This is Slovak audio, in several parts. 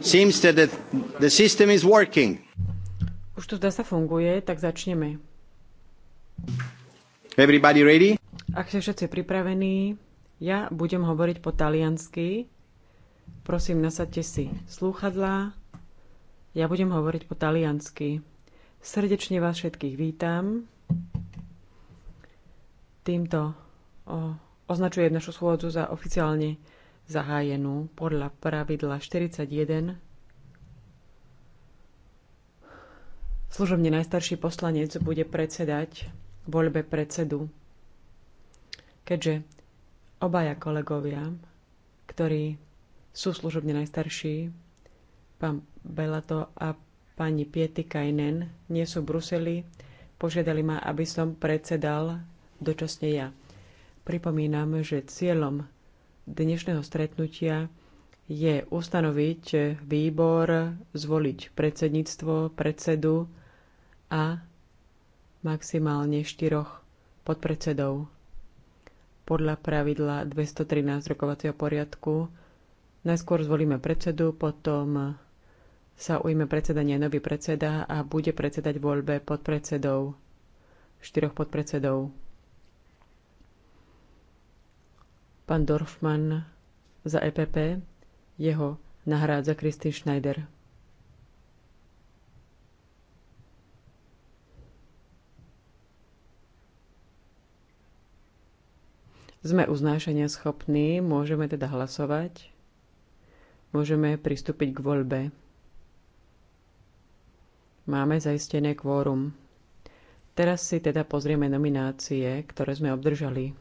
Seems that the system is working. Už to zdá sa funguje, tak začneme. Everybody ready? Ak ste všetci pripravení, ja budem hovoriť po taliansky. Prosím, nasadte si slúchadlá. Ja budem hovoriť po taliansky. Srdečne vás všetkých vítam. Týmto označujem našu schôdzu za oficiálne zahájenú podľa pravidla 41. Služobne najstarší poslanec bude predsedať voľbe predsedu, keďže obaja kolegovia, ktorí sú služobne najstarší, pán Belato a pani Piety Kajnen, nie sú v Bruseli, požiadali ma, aby som predsedal dočasne ja. Pripomínam, že cieľom dnešného stretnutia je ustanoviť výbor, zvoliť predsedníctvo, predsedu a maximálne štyroch podpredsedov. Podľa pravidla 213 rokovacieho poriadku najskôr zvolíme predsedu, potom sa ujme predsedanie nový predseda a bude predsedať voľbe podpredsedov, štyroch podpredsedov. Pán Dorfman za EPP, jeho nahrádza Kristin Schneider. Sme uznášania schopní, môžeme teda hlasovať. Môžeme pristúpiť k voľbe. Máme zaistené kvórum. Teraz si teda pozrieme nominácie, ktoré sme obdržali.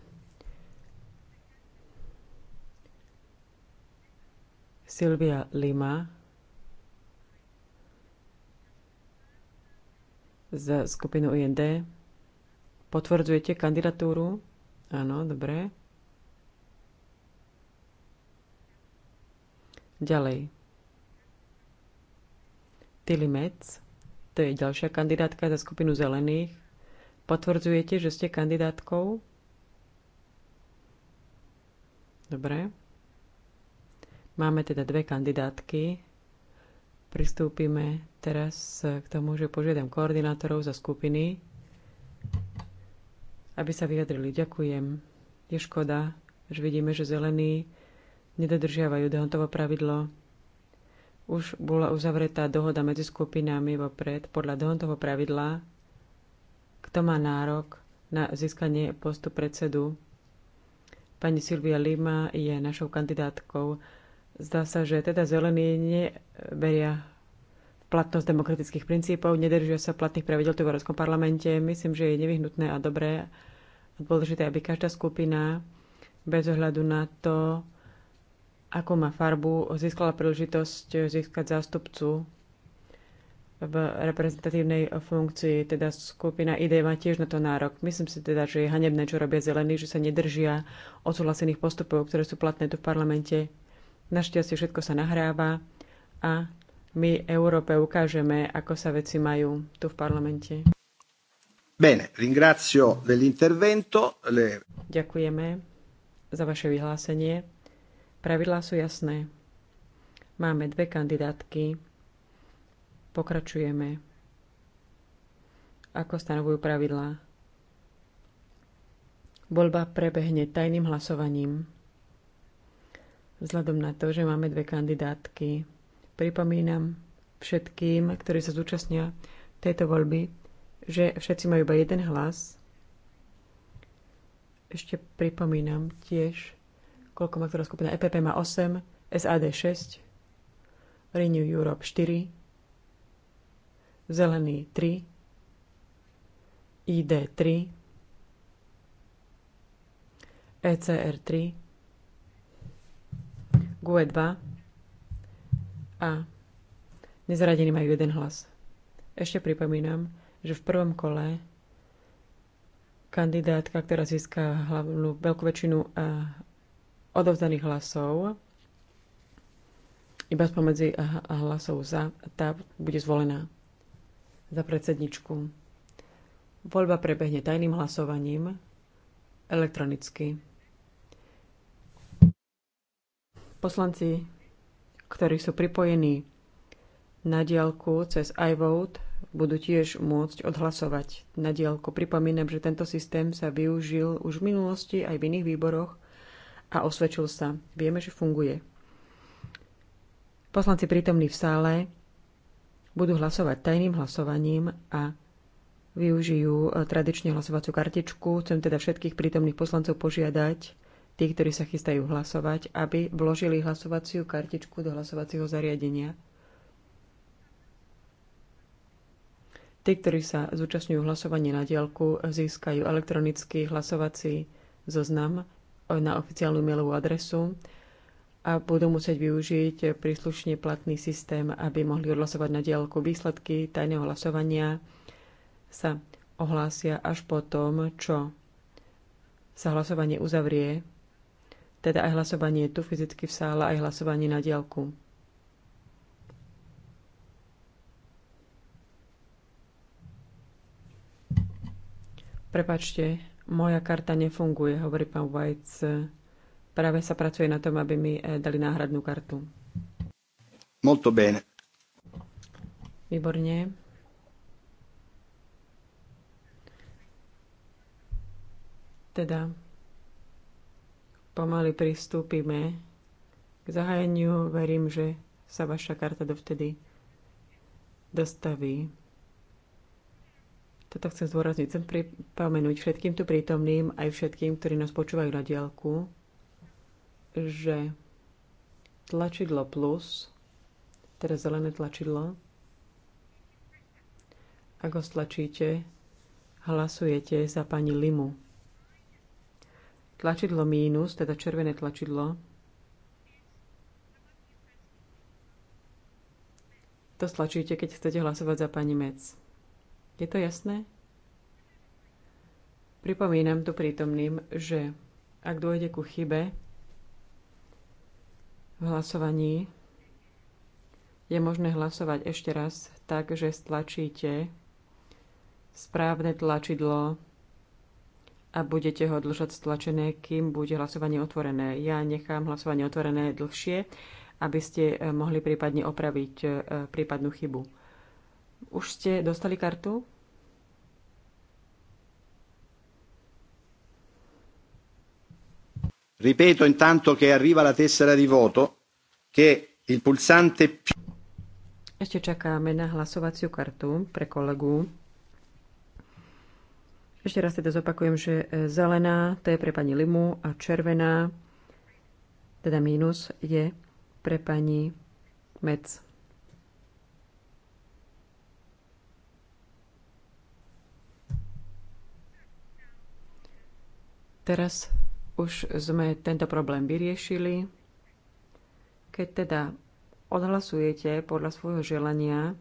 Silvia Lima za skupinu IND. Potvrdzujete kandidatúru? Áno, dobre. Ďalej. Tilimec, to je ďalšia kandidátka za skupinu zelených. Potvrdzujete, že ste kandidátkou? Dobre. Máme teda dve kandidátky. Pristúpime teraz k tomu, že požiadam koordinátorov za skupiny, aby sa vyjadrili. Ďakujem. Je škoda, že vidíme, že zelení nedodržiavajú Dehontovo pravidlo. Už bola uzavretá dohoda medzi skupinami vopred podľa Dehontovo pravidla, kto má nárok na získanie postu predsedu. Pani Silvia Lima je našou kandidátkou Zdá sa, že teda zelení neveria v platnosť demokratických princípov, nedržia sa platných pravidel v Európskom parlamente. Myslím, že je nevyhnutné a dobré a dôležité, aby každá skupina bez ohľadu na to, ako má farbu, získala príležitosť získať zástupcu v reprezentatívnej funkcii, teda skupina ID má tiež na to nárok. Myslím si teda, že je hanebné, čo robia zelení, že sa nedržia odsúhlasených postupov, ktoré sú platné tu v parlamente. Našťastie všetko sa nahráva a my Európe ukážeme, ako sa veci majú tu v parlamente. Bene, ringrazio dell'intervento. Le... Ďakujeme za vaše vyhlásenie. Pravidlá sú jasné. Máme dve kandidátky. Pokračujeme. Ako stanovujú pravidlá? Voľba prebehne tajným hlasovaním. Vzhľadom na to, že máme dve kandidátky, pripomínam všetkým, ktorí sa zúčastnia tejto voľby, že všetci majú iba jeden hlas. Ešte pripomínam tiež, koľko má ktorá skupina. EPP má 8, SAD 6, Renew Europe 4, Zelený 3, ID 3, ECR 3, GUE 2 a nezradení majú jeden hlas. Ešte pripomínam, že v prvom kole kandidátka, ktorá získa hlavnú veľkú väčšinu eh, odovzdaných hlasov, iba spomedzi eh, hlasov za, tá bude zvolená za predsedničku. Voľba prebehne tajným hlasovaním elektronicky. Poslanci, ktorí sú pripojení na diálku cez iVote, budú tiež môcť odhlasovať na diálku. Pripomínam, že tento systém sa využil už v minulosti aj v iných výboroch a osvedčil sa. Vieme, že funguje. Poslanci prítomní v sále budú hlasovať tajným hlasovaním a využijú eh, tradične hlasovaciu kartičku. Chcem teda všetkých prítomných poslancov požiadať, tí, ktorí sa chystajú hlasovať, aby vložili hlasovaciu kartičku do hlasovacieho zariadenia. Tí, ktorí sa zúčastňujú hlasovanie na diaľku, získajú elektronický hlasovací zoznam e, na oficiálnu mailovú adresu a budú musieť využiť príslušne platný systém, aby mohli odhlasovať na diaľku. Výsledky tajného hlasovania sa ohlásia až po tom, čo sa hlasovanie uzavrie teda aj hlasovanie tu fyzicky v sále, aj hlasovanie na diálku. Prepačte, moja karta nefunguje, hovorí pán Vajc. Práve sa pracuje na tom, aby mi e, dali náhradnú kartu. Molto bene. Výborne. Teda pomaly pristúpime k zahájeniu. Verím, že sa vaša karta dovtedy dostaví. Toto chcem zdôrazniť. Chcem pripomenúť všetkým tu prítomným, aj všetkým, ktorí nás počúvajú na diálku, že tlačidlo plus, teda zelené tlačidlo, ak ho stlačíte, hlasujete za pani Limu. Tlačidlo mínus, teda červené tlačidlo, to stlačíte, keď chcete hlasovať za pani Mec. Je to jasné? Pripomínam tu prítomným, že ak dôjde ku chybe v hlasovaní, je možné hlasovať ešte raz tak, že stlačíte správne tlačidlo a budete ho dlžať stlačené, kým bude hlasovanie otvorené. Ja nechám hlasovanie otvorené dlhšie, aby ste eh, mohli prípadne opraviť eh, prípadnú chybu. Už ste dostali kartu? Ripeto intanto che arriva la tessera di voto che il pulsante Ešte čakáme na hlasovaciu kartu pre kolegu. Ešte raz teda zopakujem, že e, zelená to je pre pani Limu a červená, teda mínus, je pre pani Mec. Teraz už sme tento problém vyriešili. Keď teda odhlasujete podľa svojho želania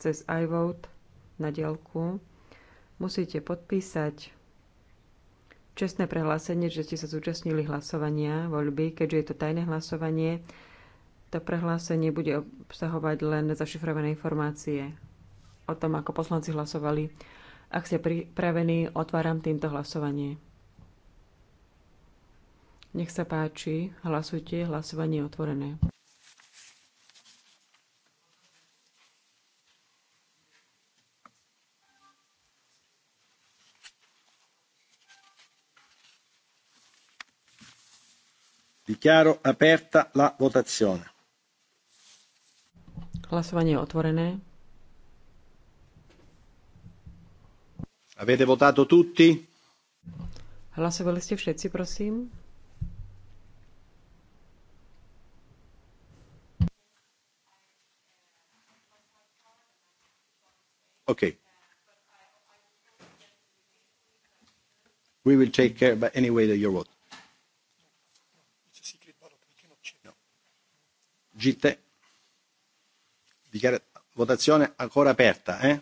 cez iVote na dielku, musíte podpísať čestné prehlásenie, že ste sa zúčastnili hlasovania voľby, keďže je to tajné hlasovanie. To prehlásenie bude obsahovať len zašifrované informácie o tom, ako poslanci hlasovali. Ak ste pripravení, otváram týmto hlasovanie. Nech sa páči, hlasujte, hlasovanie je otvorené. Dichiaro aperta la votazione. Hlasovanie je otvorené. Avete votato tutti? Hlasovali ste všetci, prosím. Okay. We will take care, but anyway, your vote. GT. Votazione ancora aperta, eh?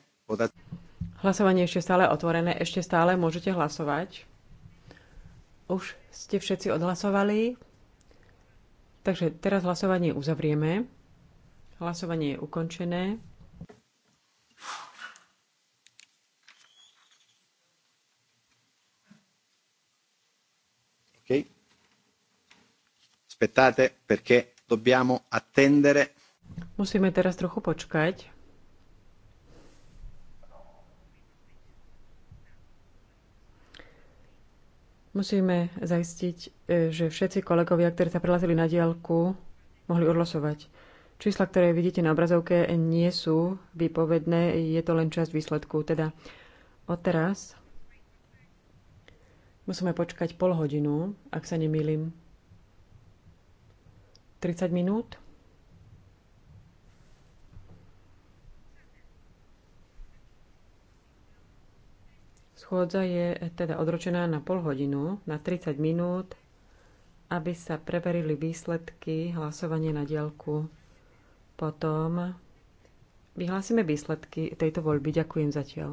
Hlasovanie ešte stále otvorené, ešte stále môžete hlasovať. Už ste všetci odhlasovali. Takže teraz hlasovanie uzavrieme. Hlasovanie je ukončené. Aspettate perché Dobbiamo attendere. Musíme teraz trochu počkať. Musíme zaistiť, e, že všetci kolegovia, ktorí sa prihlásili na diálku, mohli odlosovať. Čísla, ktoré vidíte na obrazovke, nie sú výpovedné, je to len časť výsledku. Teda odteraz musíme počkať pol hodinu, ak sa nemýlim. 30 minút. Schôdza je eh, teda odročená na pol hodinu, na 30 minút, aby sa preverili výsledky hlasovania na dielku. Potom vyhlásime výsledky tejto voľby. Ďakujem zatiaľ.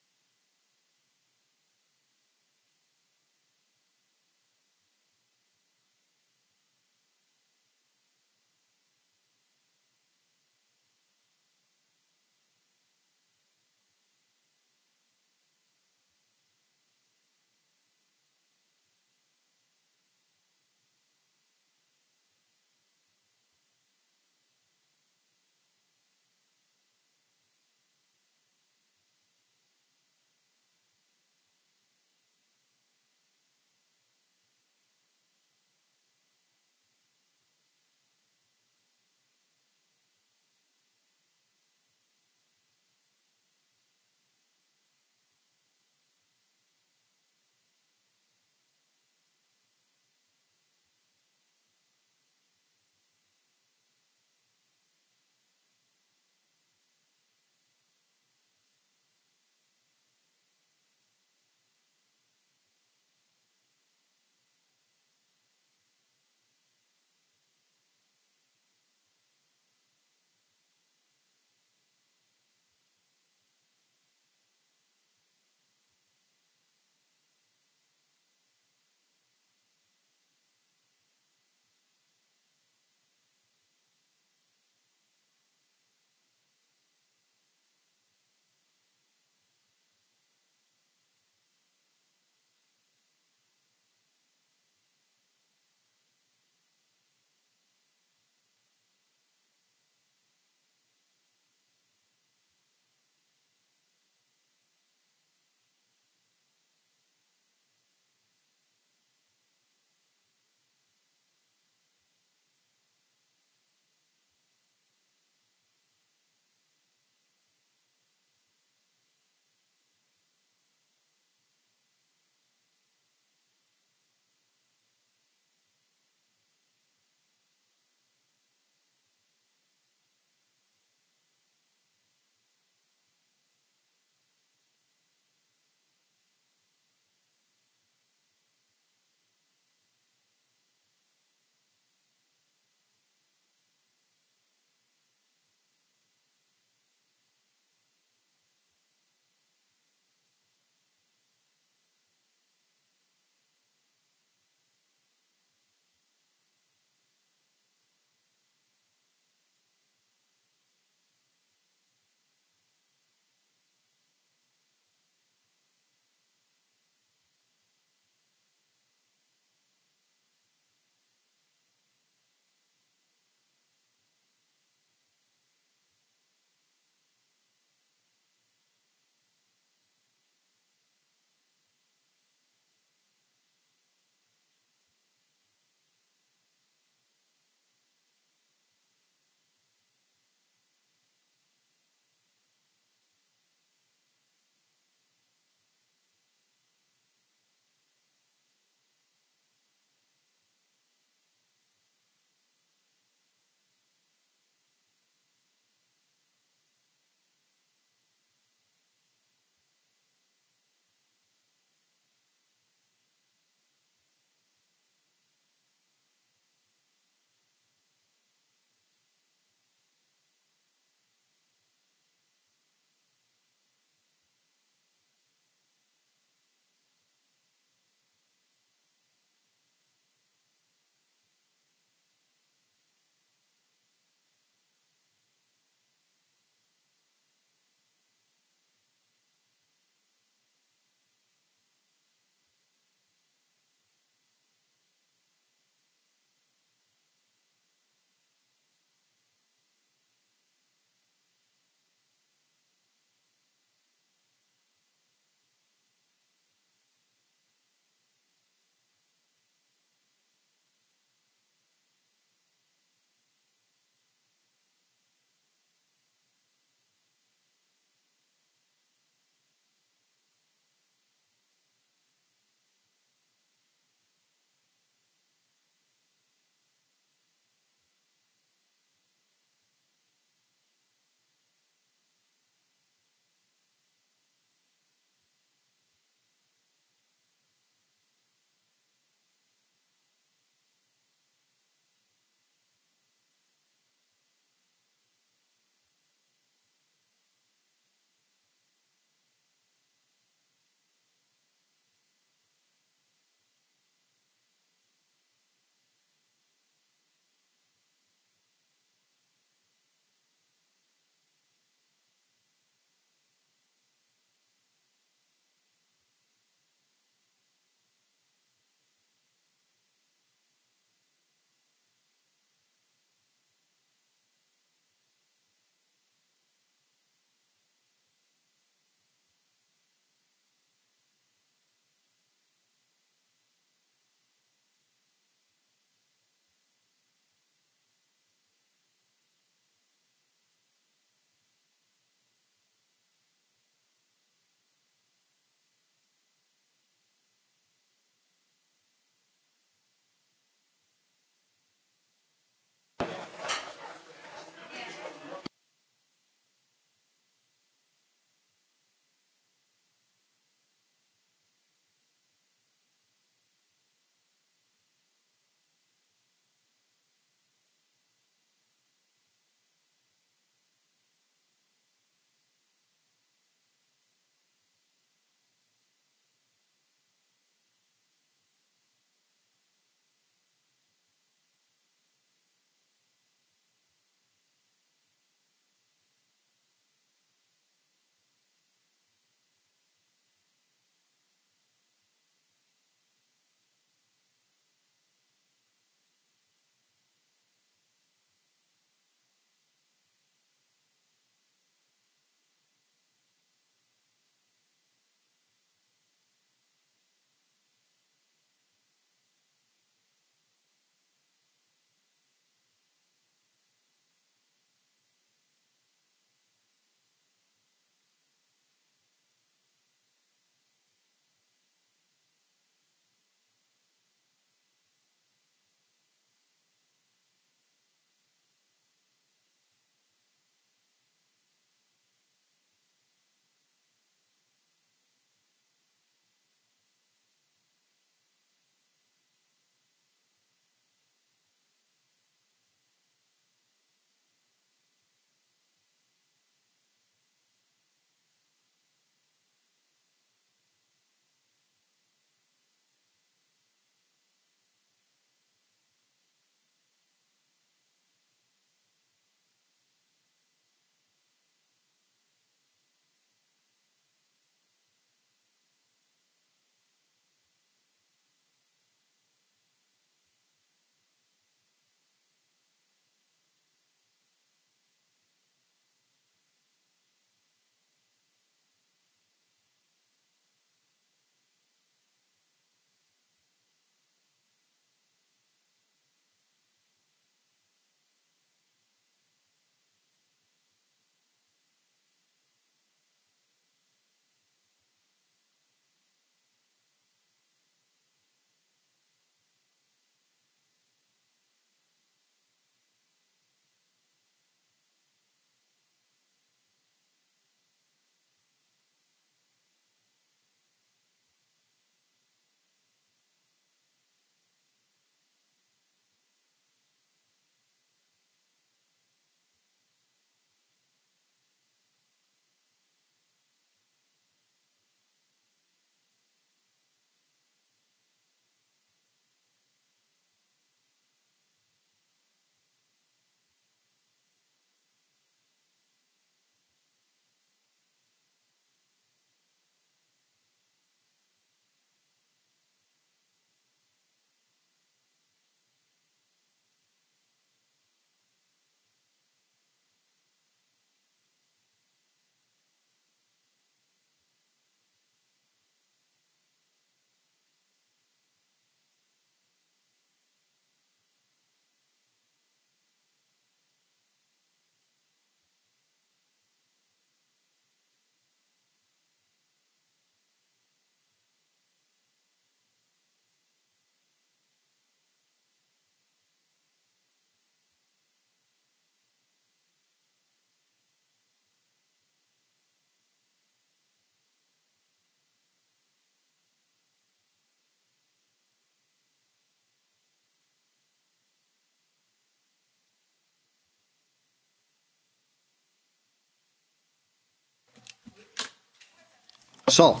So,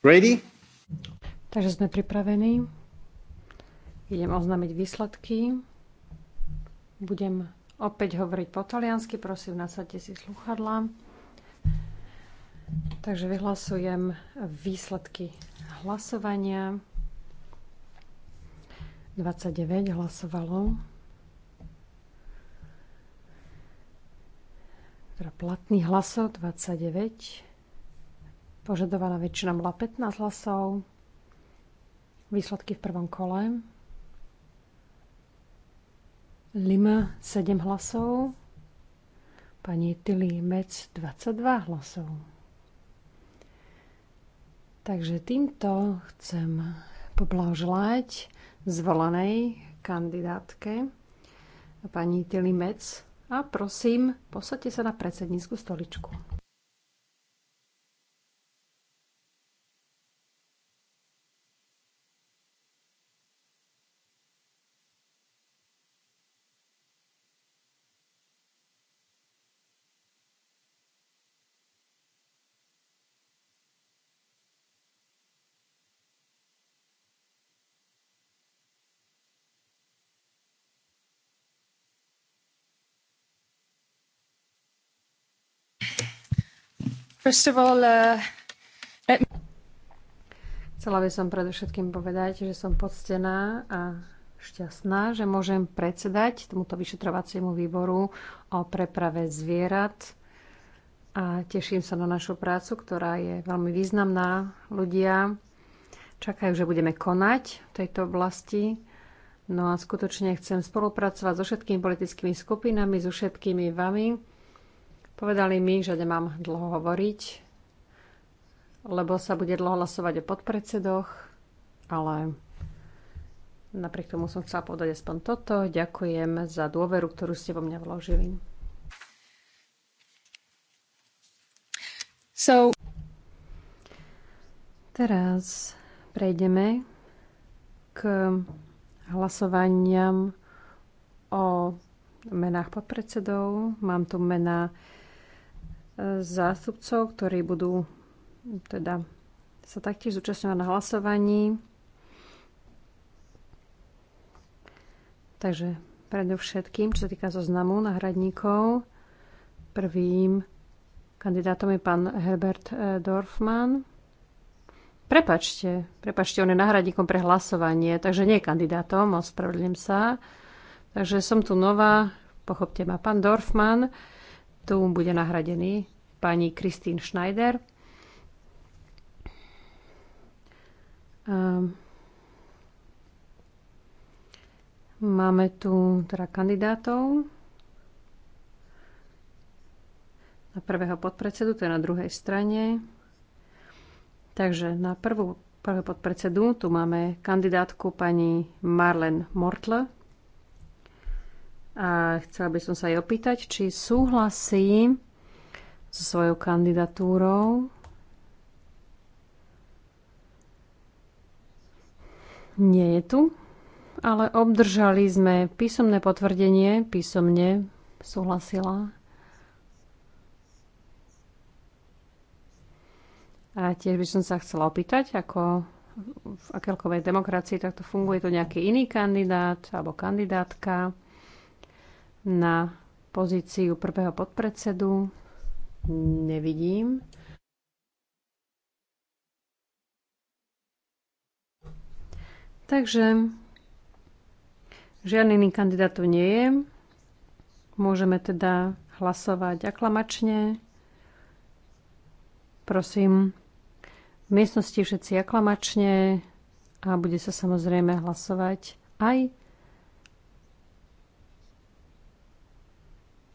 ready? Takže sme pripravení. Idem oznámiť výsledky. Budem opäť hovoriť po taliansky. Prosím, nasadte si sluchadla. Takže vyhlasujem výsledky hlasovania. 29 hlasovalo. Teda platný hlasov 29. Požadovaná väčšina bola 15 hlasov. Výsledky v prvom kole. Lima 7 hlasov. Pani Tilly Mec 22 hlasov. Takže týmto chcem poblahoželať zvolenej kandidátke pani Tilly Mec a prosím, posadte sa na predsednícku stoličku. Uh, Chcela by som predovšetkým povedať, že som poctená a šťastná, že môžem predsedať tomuto vyšetrovaciemu výboru o preprave zvierat a teším sa na našu prácu, ktorá je veľmi významná. Ľudia čakajú, že budeme konať v tejto oblasti. No a skutočne chcem spolupracovať so všetkými politickými skupinami, so všetkými vami, Povedali mi, že nemám dlho hovoriť, lebo sa bude dlho hlasovať o podpredsedoch, ale napriek tomu som chcela povedať aspoň toto. Ďakujem za dôveru, ktorú ste vo mňa vložili. So... Teraz prejdeme k hlasovaniam o menách podpredsedov. Mám tu mená zástupcov, ktorí budú teda sa taktiež zúčastňovať na hlasovaní. Takže predovšetkým, čo sa týka zoznamu náhradníkov, prvým kandidátom je pán Herbert e, Dorfman. Prepačte, prepačte, on je náhradníkom pre hlasovanie, takže nie je kandidátom, ospravedlňujem sa. Takže som tu nová, pochopte ma, pán Dorfman tu bude nahradený pani Kristín Schneider. Ehm, máme tu teda kandidátov na prvého podpredsedu, to je na druhej strane. Takže na prvú, prvého podpredsedu tu máme kandidátku pani Marlen Mortle, a chcela by som sa aj opýtať, či súhlasí so svojou kandidatúrou. Nie je tu, ale obdržali sme písomné potvrdenie, písomne súhlasila. A tiež by som sa chcela opýtať, ako v akékoľvek demokracii takto funguje tu nejaký iný kandidát alebo kandidátka na pozíciu prvého podpredsedu? Nevidím. Takže žiadny iný kandidátov nie je. Môžeme teda hlasovať aklamačne. Prosím, v miestnosti všetci aklamačne a bude sa samozrejme hlasovať aj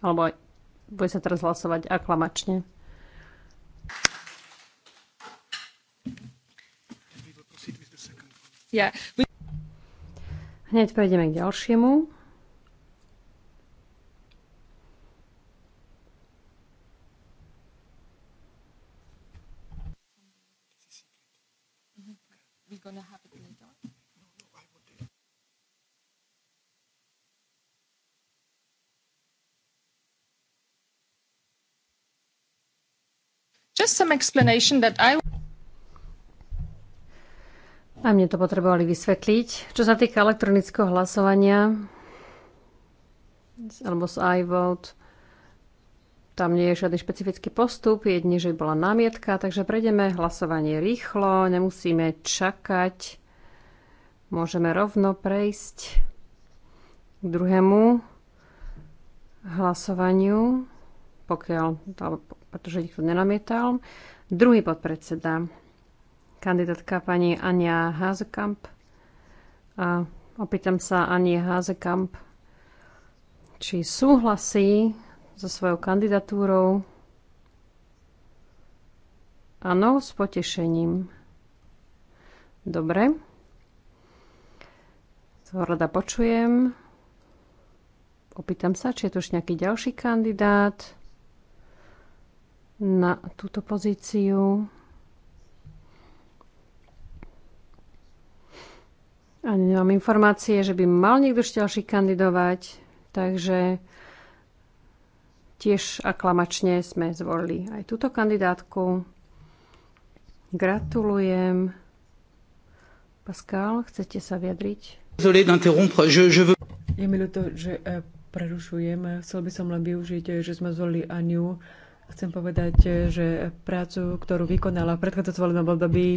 Alebo bude sa teraz hlasovať aklamačne. Yeah. Hneď prejdeme k ďalšiemu. just some explanation that I... A mne to potrebovali vysvetliť. Čo sa týka elektronického hlasovania, alebo z iVote, tam nie je žiadny špecifický postup, jedne, že bola námietka, takže prejdeme hlasovanie rýchlo, nemusíme čakať, môžeme rovno prejsť k druhému hlasovaniu, pokiaľ, alebo pretože nikto nenamietal. Druhý podpredseda, kandidátka pani Ania Hazekamp. A opýtam sa Ani Hazekamp, či súhlasí so svojou kandidatúrou. Áno, s potešením. Dobre. To rada počujem. Opýtam sa, či je tu už nejaký ďalší kandidát na túto pozíciu. Ani nemám informácie, že by mal niekto ešte ďalší kandidovať, takže tiež aklamačne sme zvolili aj túto kandidátku. Gratulujem. Pascal, chcete sa vyjadriť? Je mi ľúto, že eh, prerušujem. Chcel by som len využiť, eh, že sme zvolili Aniu Chcem povedať, že prácu, ktorú vykonala v predchádzajúcom volebnom období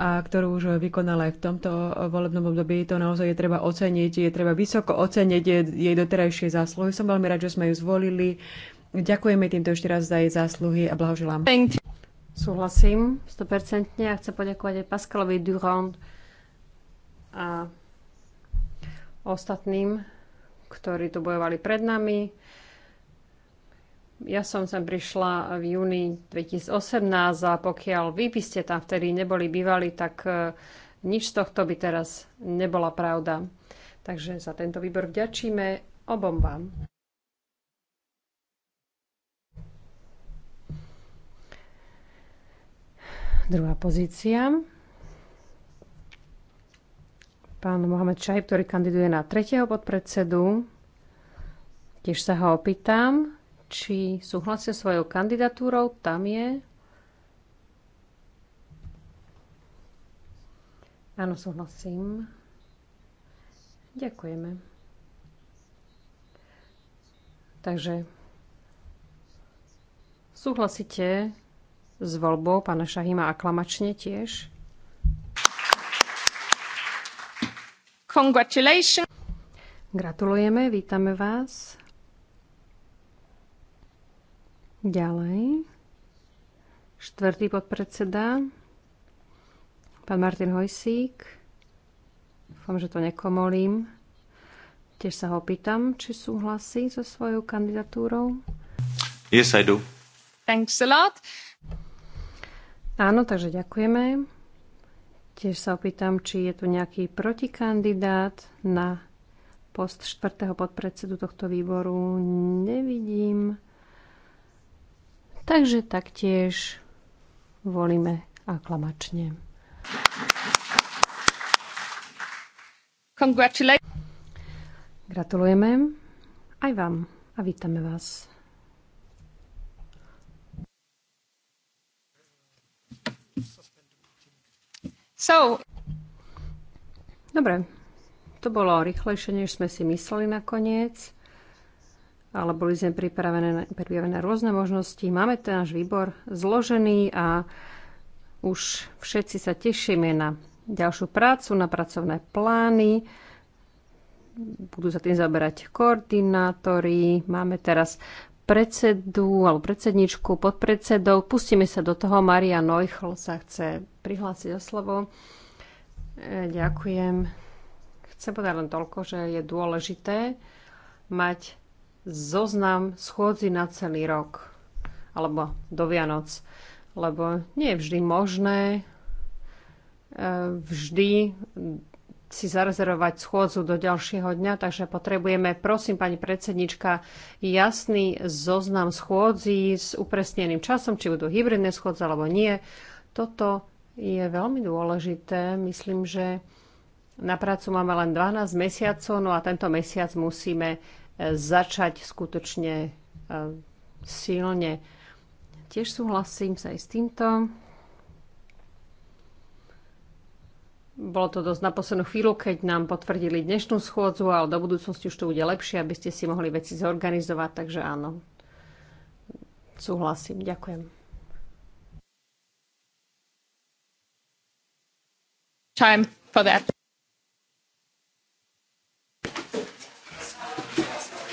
a ktorú už vykonala aj v tomto volebnom období, to naozaj je treba oceniť, je treba vysoko oceniť jej doterajšie zásluhy. Som veľmi rád, že sme ju zvolili. Ďakujeme týmto ešte raz za jej zásluhy a blahoželám. Súhlasím 100% a chcem poďakovať aj Pascalovi Durand a ostatným, ktorí tu bojovali pred nami. Ja som sem prišla v júni 2018 a pokiaľ vy by ste tam vtedy neboli bývali, tak e, nič z tohto by teraz nebola pravda. Takže za tento výbor vďačíme obom vám. Druhá pozícia. Pán Mohamed čaj, ktorý kandiduje na tretieho podpredsedu. Tiež sa ho opýtam, či súhlasia svojou kandidatúrou. Tam je. Áno, súhlasím. Ďakujeme. Takže súhlasíte s voľbou pána Šahima aklamačne tiež? Congratulations. Gratulujeme, vítame vás. Ďalej. Štvrtý podpredseda. Pán Martin Hojsík. Dúfam, že to nekomolím. Tiež sa ho pýtam, či súhlasí so svojou kandidatúrou. Yes, I do. Thanks a lot. Áno, takže ďakujeme. Tiež sa opýtam, či je tu nejaký protikandidát na post štvrtého podpredsedu tohto výboru. Nevidím. Takže taktiež volíme aklamačne. Gratulujeme aj vám a vítame vás. So. Dobre, to bolo rýchlejšie, než sme si mysleli nakoniec ale boli sme pripravené, pripravené rôzne možnosti. Máme ten náš výbor zložený a už všetci sa tešíme na ďalšiu prácu, na pracovné plány. Budú sa tým zaberať koordinátori. Máme teraz predsedu alebo predsedničku, podpredsedov. Pustíme sa do toho. Maria Neuchl sa chce prihlásiť o slovo. E, ďakujem. Chcem povedať len toľko, že je dôležité mať zoznam schôdzi na celý rok alebo do Vianoc, lebo nie je vždy možné e, vždy si zarezervovať schôdzu do ďalšieho dňa, takže potrebujeme, prosím pani predsednička, jasný zoznam schôdzí s upresneným časom, či budú hybridné schôdze alebo nie. Toto je veľmi dôležité. Myslím, že na prácu máme len 12 mesiacov, no a tento mesiac musíme začať skutočne e, silne. Tiež súhlasím sa aj s týmto. Bolo to dosť na poslednú chvíľu, keď nám potvrdili dnešnú schôdzu, ale do budúcnosti už to bude lepšie, aby ste si mohli veci zorganizovať, takže áno. Súhlasím, ďakujem. Time for that.